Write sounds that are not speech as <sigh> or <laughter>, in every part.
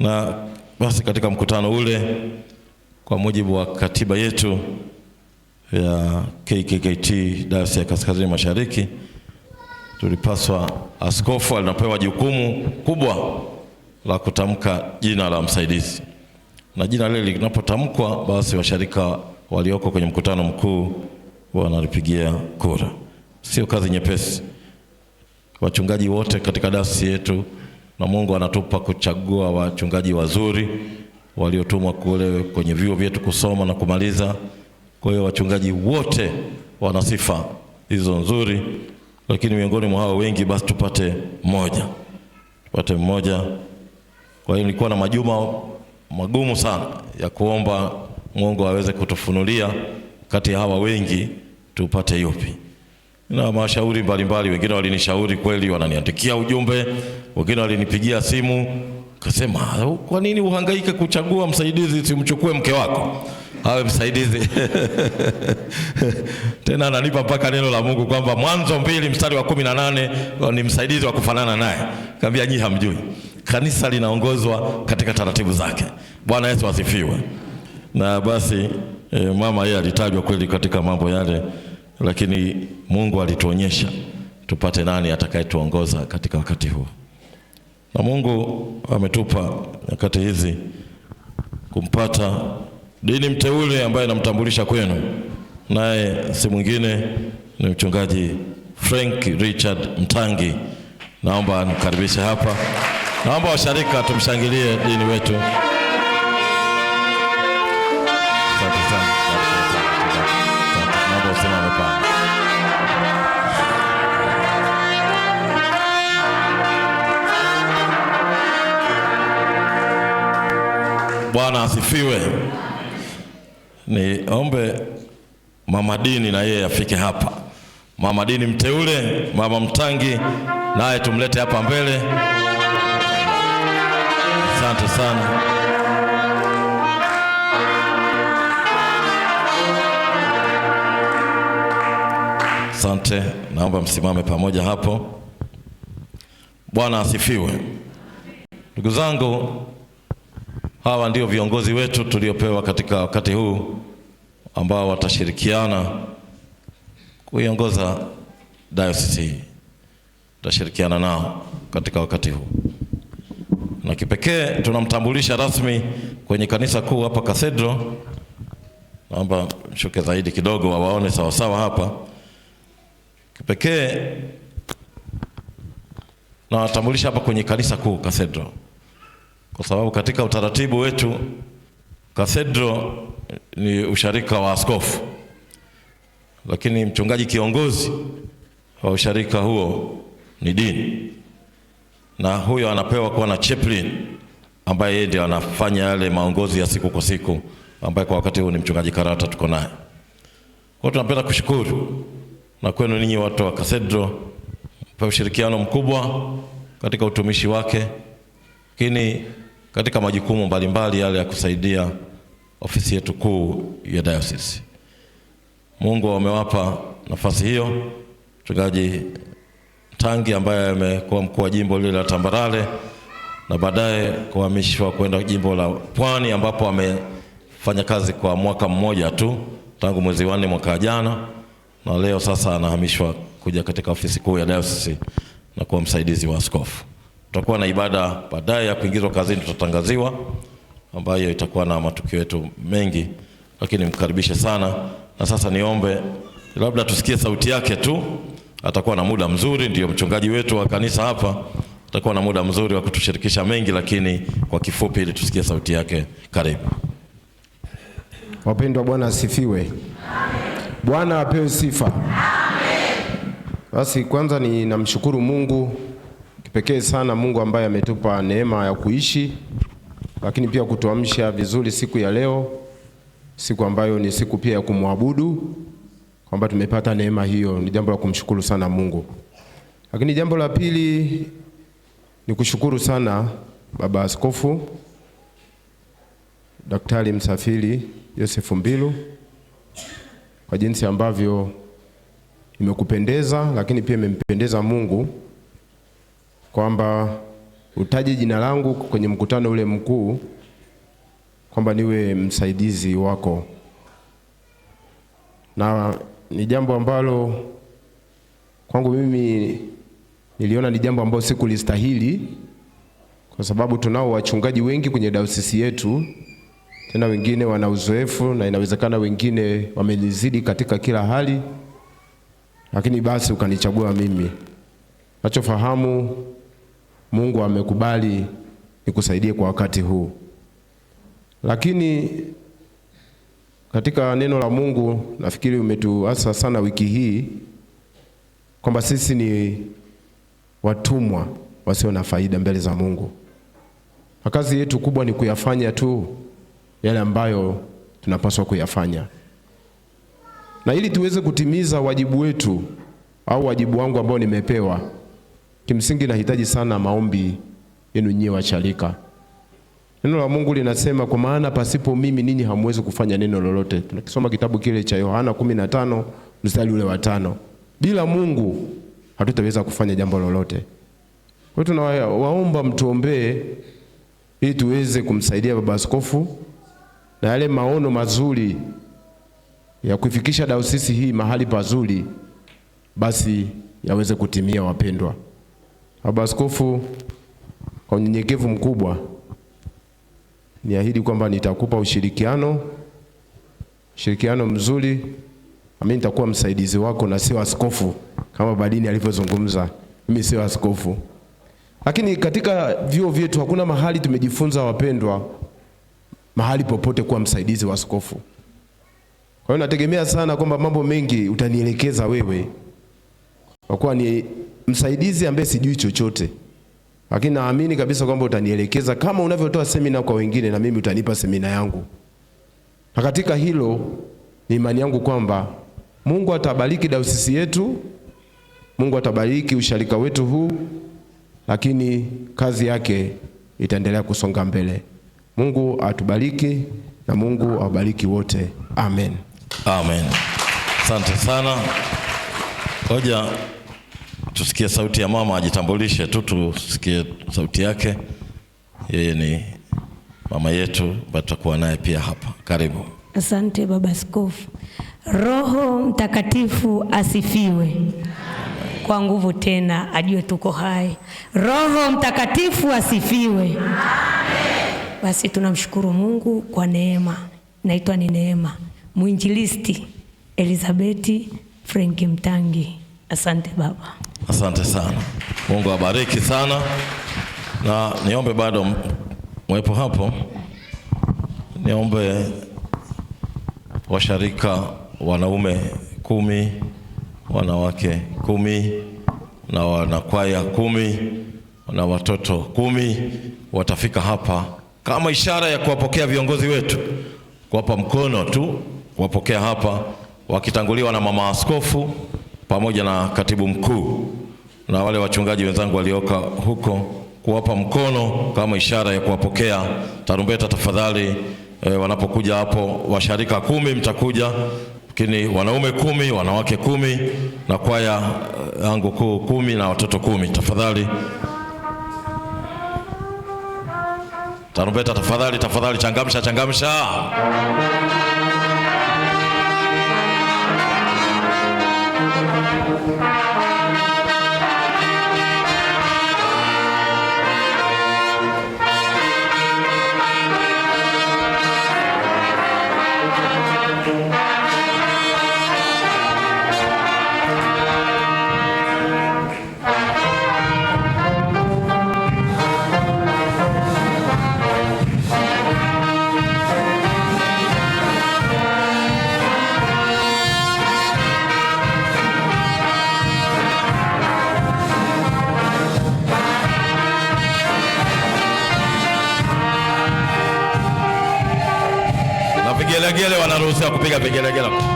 Na basi katika mkutano ule, kwa mujibu wa katiba yetu ya KKKT Dayosisi ya Kaskazini Mashariki, tulipaswa, askofu alinapewa jukumu kubwa la kutamka jina la msaidizi, na jina lile linapotamkwa, basi washarika walioko kwenye mkutano mkuu wanalipigia kura. Sio kazi nyepesi wachungaji wote katika dasi yetu, na Mungu anatupa kuchagua wachungaji wazuri waliotumwa kule kwenye vyuo vyetu kusoma na kumaliza. Kwa hiyo wachungaji wote wana sifa hizo nzuri, lakini miongoni mwa hao wengi basi tupate mmoja, tupate mmoja. Kwa hiyo nilikuwa na majuma magumu sana ya kuomba Mungu aweze kutufunulia kati ya hawa wengi tupate yupi na mashauri mbalimbali. Wengine walinishauri kweli, wananiandikia ujumbe, wengine walinipigia simu, kasema kwa nini uhangaike kuchagua msaidizi, simchukue mke wako awe msaidizi <laughs> tena ananipa mpaka neno la Mungu kwamba Mwanzo mbili mstari wa kumi na nane ni msaidizi wa kufanana naye. Kaambia nyi hamjui, kanisa linaongozwa katika taratibu zake. Bwana Yesu asifiwe. Na basi e, mama yeye alitajwa kweli katika mambo yale lakini Mungu alituonyesha tupate nani atakayetuongoza katika wakati huu, na Mungu ametupa nyakati hizi kumpata dini mteule ambaye namtambulisha kwenu, naye si mwingine ni mchungaji Frank Richard Mtangi. Naomba nimkaribishe hapa, naomba washarika tumshangilie dini wetu. Bwana asifiwe. Niombe mama dini na yeye afike hapa, mama dini mteule, mama mtangi naye tumlete hapa mbele. Asante sana. Asante, naomba msimame pamoja hapo. Bwana asifiwe, ndugu zangu. Hawa ndio viongozi wetu tuliopewa katika wakati huu ambao watashirikiana kuiongoza dayosisi hii, tutashirikiana nao katika wakati huu. Na kipekee tunamtambulisha rasmi kwenye kanisa kuu hapa Cathedral. Naomba mshuke zaidi kidogo, wawaone sawasawa hapa. Kipekee nawatambulisha hapa kwenye kanisa kuu Cathedral kwa sababu katika utaratibu wetu kathedro ni usharika wa askofu, lakini mchungaji kiongozi wa usharika huo ni dini, na huyo anapewa kuwa na chaplain ambaye yeye ndiye anafanya yale maongozi ya siku kwa siku, ambaye kwa wakati huu ni mchungaji Karata tuko naye. Kwa tunapenda kushukuru na kwenu ninyi watu wa kathedro kwa ushirikiano mkubwa katika utumishi wake, lakini katika majukumu mbalimbali yale ya kusaidia ofisi yetu kuu ya diocese. Mungu amewapa nafasi hiyo mchungaji Tangi ambaye amekuwa mkuu wa jimbo lile la Tambarare na baadaye kuhamishwa kwenda jimbo la Pwani ambapo amefanya kazi kwa mwaka mmoja tu tangu mwezi wa nne mwaka jana, na leo sasa anahamishwa kuja katika ofisi kuu ya diocese na kuwa msaidizi wa askofu. Tutakuwa na ibada baadaye ya kuingizwa kazini, tutatangaziwa, ambayo itakuwa na matukio yetu mengi, lakini mkaribishe sana. Na sasa niombe labda tusikie sauti yake tu, atakuwa na muda mzuri, ndio mchungaji wetu wa kanisa hapa, atakuwa na muda mzuri wa kutushirikisha mengi, lakini kwa kifupi, ili tusikie sauti yake. Karibu wapendwa. Bwana asifiwe. Bwana apewe sifa. Amen. Basi kwanza ninamshukuru Mungu Pekee sana Mungu ambaye ametupa neema ya kuishi lakini pia kutuamsha vizuri siku ya leo, siku ambayo ni siku pia ya kumwabudu, kwamba tumepata neema hiyo, ni jambo la kumshukuru sana Mungu. Lakini jambo la pili ni kushukuru sana Baba Askofu Daktari Msafiri Yosefu Mbilu kwa jinsi ambavyo imekupendeza, lakini pia imempendeza Mungu kwamba utaje jina langu kwenye mkutano ule mkuu kwamba niwe msaidizi wako, na ni jambo ambalo kwangu mimi niliona ni jambo ambalo sikulistahili, kwa sababu tunao wachungaji wengi kwenye dayosisi yetu, tena wengine wana uzoefu na inawezekana wengine wamenizidi katika kila hali, lakini basi ukanichagua mimi. Nachofahamu Mungu amekubali nikusaidie kwa wakati huu. Lakini katika neno la Mungu nafikiri umetuasa sana wiki hii kwamba sisi ni watumwa wasio na faida mbele za Mungu, na kazi yetu kubwa ni kuyafanya tu yale ambayo tunapaswa kuyafanya, na ili tuweze kutimiza wajibu wetu au wajibu wangu ambao nimepewa Kimsingi nahitaji sana maombi yenu nyie wacharika. Neno la Mungu linasema kwa maana pasipo mimi ninyi hamwezi kufanya neno lolote. Tunakisoma kitabu kile cha Yohana 15 mstari ule wa tano. Bila Mungu hatutaweza kufanya jambo lolote. Kwa hiyo tunawaomba mtuombee ili tuweze kumsaidia baba askofu na yale maono mazuri ya kuifikisha dayosisi hii mahali pazuri basi yaweze kutimia, wapendwa. Baba Askofu, kwa unyenyekevu mkubwa niahidi kwamba nitakupa ushirikiano, ushirikiano mzuri, nami nitakuwa msaidizi wako na sio askofu, kama Badini alivyozungumza. Mimi sio askofu, lakini katika vyuo vyetu hakuna mahali tumejifunza, wapendwa, mahali popote kuwa msaidizi wa askofu. Kwa hiyo nategemea sana kwamba mambo mengi utanielekeza wewe, kwa kuwa ni msaidizi ambaye sijui chochote, lakini naamini kabisa kwamba utanielekeza kama unavyotoa semina kwa wengine, na mimi utanipa semina yangu. Na katika hilo ni imani yangu kwamba Mungu atabariki dayosisi yetu, Mungu atabariki usharika wetu huu, lakini kazi yake itaendelea kusonga mbele. Mungu atubariki na Mungu awabariki wote. Amen. Amen. Asante sana. Hoja tusikie sauti ya mama, ajitambulishe tu, tusikie sauti yake. Yeye ni mama yetu ambaye tutakuwa naye pia hapa. Karibu. Asante baba Askofu. Roho Mtakatifu asifiwe kwa nguvu tena, ajue tuko hai. Roho Mtakatifu asifiwe. Amen. Basi tunamshukuru Mungu kwa neema. Naitwa ni Neema mwinjilisti Elizabeti Frank Mtangi. Asante baba. Asante sana, Mungu wabariki sana, na niombe bado mwepo hapo, niombe washarika wanaume kumi, wanawake kumi na wanakwaya kumi na watoto kumi watafika hapa kama ishara ya kuwapokea viongozi wetu, kuwapa mkono tu, kuwapokea hapa wakitanguliwa na mama askofu pamoja na katibu mkuu na wale wachungaji wenzangu walioka huko kuwapa mkono kama ishara ya kuwapokea. Tarumbeta tafadhali, e, wanapokuja hapo washarika kumi mtakuja, lakini wanaume kumi, wanawake kumi na kwaya e, yangu kuu kumi na watoto kumi. Tafadhali tarumbeta, tafadhali, tafadhali, changamsha, changamsha. Música vigelegele wanaruhusiwa kupiga vigelegele.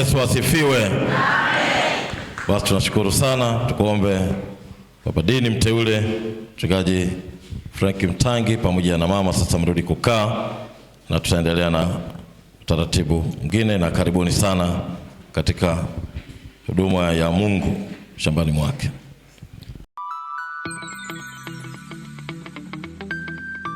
Yesu asifiwe. Basi tunashukuru sana, tukuombe baba dini mteule mchungaji Frank Mtangi pamoja na mama sasa mrudi kukaa, na tutaendelea na utaratibu mwingine, na karibuni sana katika huduma ya Mungu shambani mwake.